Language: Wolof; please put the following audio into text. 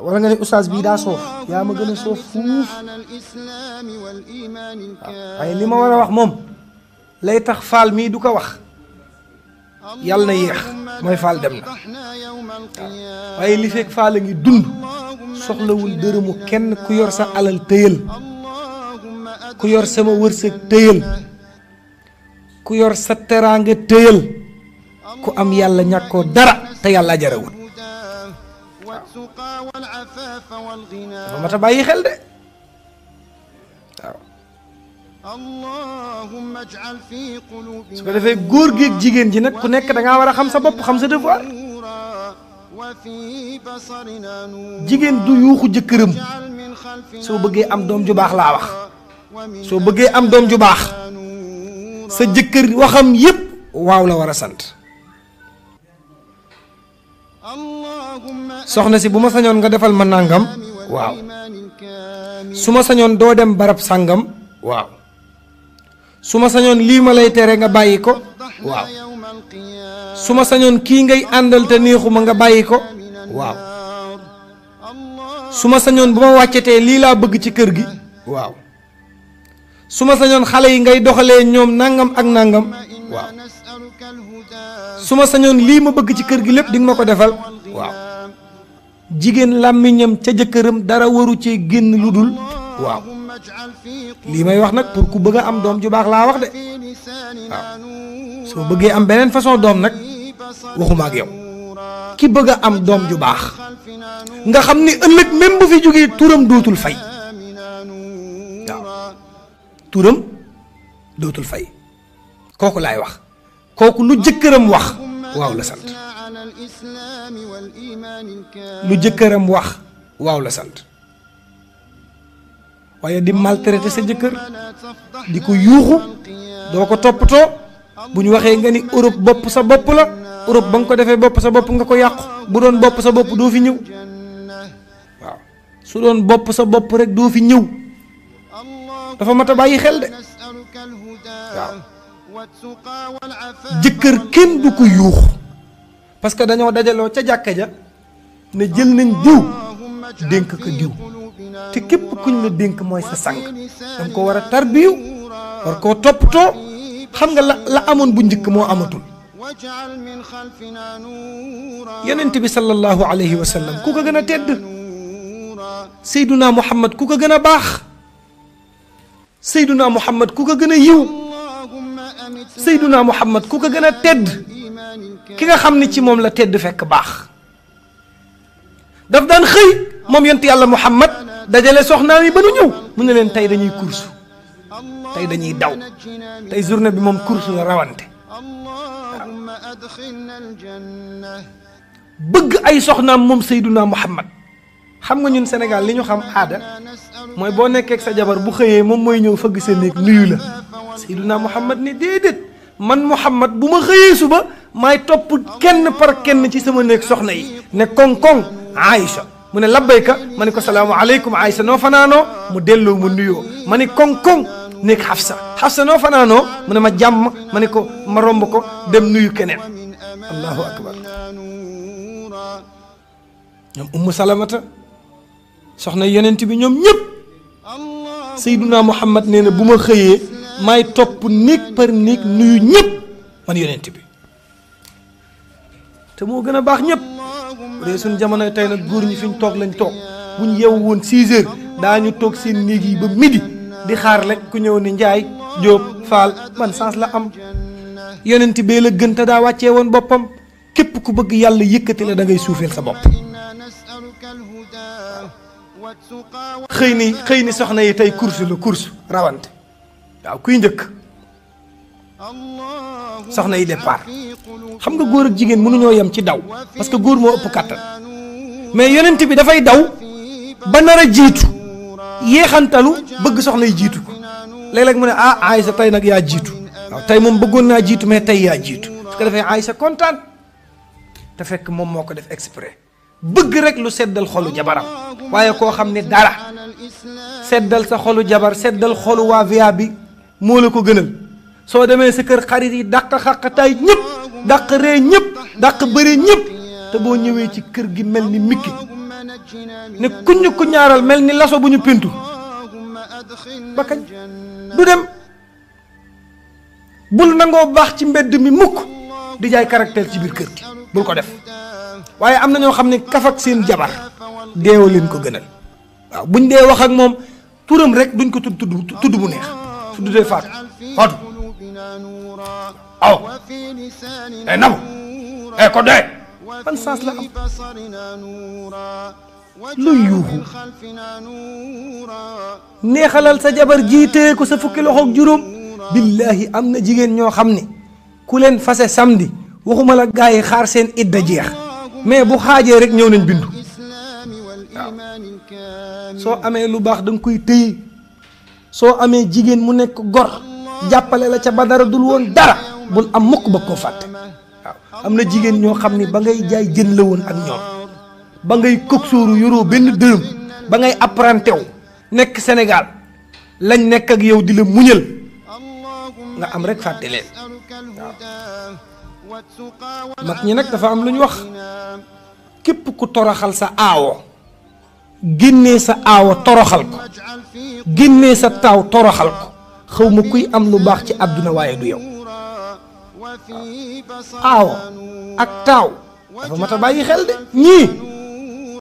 ولكن غادي استاذ بيدا صوف يا ما غادي صوف انا الاسلام والايمان الكامل اي اللي ما وراه موم لا يتخفال مي دوكا واخ يالنا يخ ما يفعل دمنا اي اللي فيك فال غي دوند سوخلا وول ديرمو كين كو يور سا سما ورسك تيل كو يور سا تيرانغ تيل كو ام يالا dafa mat bàyyi xel de waaw. su ko defee góor gi jigéen ji nag ku nekk da ngaa war a xam sa bopp xam sa devoir jigéen du yuuxu jëkkëram soo bëggee am doom ju baax laa wax soo bëggee am doom ju baax sa jëkkër waxam yépp waaw la war a sant. soxna si buma sañon nga defal ma nangam waaw suma sañon do dem barab sangam waaw Suma sañon li ma lay téré nga bayiko ko waaw Suma ma sañoon ngay andal te neexuma nga bayiko ko waaw Suma ma buma bu ma bëgg ci kër gi waaw suma sañon xalé yi ngay ñom nangam ak nangam waaw su ma sañoon lii ma bëgg ci kër gi lépp di nga ma ko defal waaw jigéen làmmiñam ca jëkkëram dara waru cee génn lu dul waaw lii may wax nag pour ku bëgg a am doom ju baax laa wax de waaw soo bëggee am beneen façon doom nag waxuma ak yow ki bëgg a am doom ju baax nga xam ni ëllëg même bu fi jógee turam dootul fay waaw turam dootul fay kooku laay wax ko lu jëkkëram wax waaw la sant lu jëkkëram wax waaw la sant waaye di maltraité sa jëkkër di ko yuuxu doo ko toppatoo bu ñu waxee nga ni Europe bopp sa bopp la Europe ba nga ko defee bopp sa bopp nga ko yàqu bu doon bopp sa bopp doo fi ñëw waaw su doon bopp sa bopp rek doo fi ñëw dafa mat xel de waaw jëkkër kenn du ko yuux parce que dañoo dajaloo ca jàkka ja ne jël nañ diw dénk ko diw te képp kuñ la dénk mooy sa sang danga ko war a tarbiyu war koo toppatoo xam nga la la amoon bu njëkk moo amatul yonent bi sallallahu alayhi wa sallam ku ko gën a tedd Seyduna Muhammad ku ko gën a baax Seyduna Muhammad ku ko gën a yiw sayduna muhammad ku ko gën a tedd ki nga xam ni ci moom la tedd fekk baax daf daan xëy moom yent yàlla muhammad dajale soxnaam yi ba nu ñëw mu ne leen tey dañuy kursu tey dañuy daw tey journée bi moom kursu la rawante bëgg ay soxnaam moom sayduna muhammad xam nga ñun senegal li ñu xam aada mooy boo nekkee ak sa jabar bu xëyee moom mooy ñëw fëgg sa néeg nuyu la Seydina Muhammad ne déedéet man Muhammad bu ma xëyee suba maay topp kenn par kenn ci sama néeg soxna yi ne koŋ-koŋ Aïcha mu ne labbayka ma ne ko salaamu aleykum Aïcha noo fanaanoo mu delloo ma nuyoo ma ne koŋ-koŋ nekk Hafsa Hafsa noo fanaanoo mu ma jàmm ma ne ko ma romb ko dem nuyu keneen allahu akbar ñoom ummu salamata soxna yonent bi ñoom ñëpp Seydina Muhammad nee na bu ma xëyee may topp néeg par néeg nuyu ñëpp man yonent bi te moo gën a baax ñëpp bu suñ jamono tey nag góor ñi fi toog lañ toog bu ñu yeewu woon 6 heures daañu toog seen néeg yi ba midi di xaar rek ku ñëw ni Njaay Jóob Faal man sens la am yonent bee la gën te daa wàccee woon boppam képp ku bëgg yàlla yëkkati la da ngay suufeel sa bopp. xëy ni xëy ni soxna yi tey course la course rawante waaw kuy njëkk soxna yi départ xam nga góor ak jigéen mënuñoo yem ci daw parce que góor moo ëpp kàttan mais yonent bi dafay daw ba nar a jiitu yéexantalu bëgg soxna yi jiitu ko léeg-léeg mu ne ah Aïssa tey nag yaa jiitu waaw tey moom bëggoon naa jiitu mais tey yaa jiitu su ko defee Aïssa kontaan te fekk moom moo ko def exprès bëgg rek lu seddal xolu jabaram waaye koo xam ne dara seddal sa xolu jabar seddal xolu waa via bi moo la ko gënal soo demee sa kër xarit yi dàq xaqataay ñëpp dàq ree ñëpp dàq bëri ñëpp te boo ñëwee ci kër gi mel ni mikki ne kuñu ku ñaaral mel ni laso bu ñu pintu ba kañ du dem bul nangoo baax ci mbedd mi mukk di jaay caractère ci biir kër gi bul ko def waaye am na ñoo xam ne kaf seen jabar deewa ko gënal waaw buñ dee wax ak moom turam rek duñ ko tudd tudd bu neex tuddee faatu faatu aw e eh, nabu e eh, ko dee ban sens la am luy yuuxu neexalal sa jabar jiitee ko sa fukki loxoog juróom billahi am na jigéen ñoo xam ni ku leen fase samedi waxuma la gars yi xaar seen idda jeex mais bu xaajee rek ñëw nañ bindu waaw soo amee lu baax da nga koy soo amee jigéen mu nekk gor jàppale la ca ba dara dul woon dara bul am mukk ba koo fàtte waaw am na jigéen ñoo xam ni ba ngay jaay jën la woon ak ñoom ba ngay koksóoru benn dërëm ba ngay apprenti wu nekk Sénégal lañ nekk ak yow di la muñal nga am rek fàtte leen waaw ñi nag dafa am lu ñu wax képp ku toroxal sa aawo génnee sa aawo toroxal ko génnee sa taw toroxal ko xaw ma kuy am lu baax ci àdduna waaye du yow aawa ak taaw dafa mat a bàyyi xel de ñii